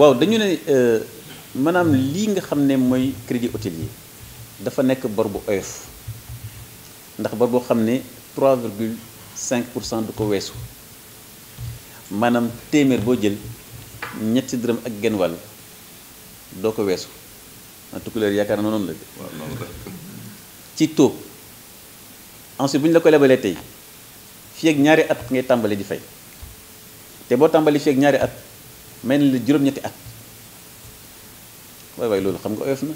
waaw dañu ne euh, maanaam lii nga xam ne mooy crédit hôtelier dafa nekk bor bu oyof ndax bor boo xam ne 3 virgule 5 pour cent du ko weesu maanaam téeméer boo jël ñetti dërëm ak genn wàll doo ko weesu en tout cas yaakaar naa noonu la. ci taux ensuite bu ñu la ko lebalee tey fii ak ñaari at ngay tàmbali di fay te boo tàmbali fii ak ñaari at. may na la juróom-ñetti at waay waay loolu xam nga oyof na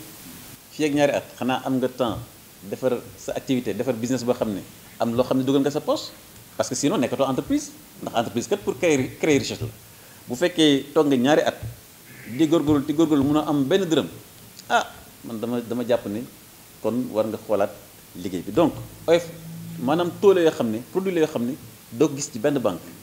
fii ak ñaari at xanaa am nga temps defar sa activité defar business boo xam ne am loo xam ne dugal nga sa poche parce que sinon nekkatoo entreprise ndax entreprise kat pour créer créer richesse la bu fekkee toog nga ñaari at di góorgóorlu di góorgóorlu mun a am benn dërëm ah man dama dama jàpp ni kon war nga xoolaat liggéey bi donc oyof maanaam tool yoo xam ne produit la yoo xam ne doo gis ci benn banque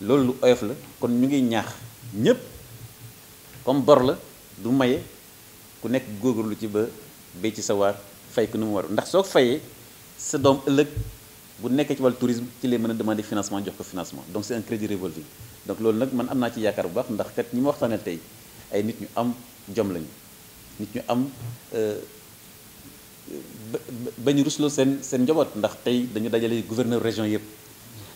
loolu lu oyof la kon ñu ngi ñaax ñepp comme bor la du maye ku nekk góorgóorlu ci ba be ci sa waar fay ko ni war ndax sok fayé sa dom ëllëg bu nek ci wal tourisme ci lay mën a demander financement jox ko financement donc c'est un crédit revolving donc loolu nak man amna ci yaakaar bu baax ndax kat ñi ma waxtaanee tay ay nit ñu am jom lañ nit ñu am euh bañu ruslo sen sen njaboot ndax tay dañu dajalé gouverneur région yépp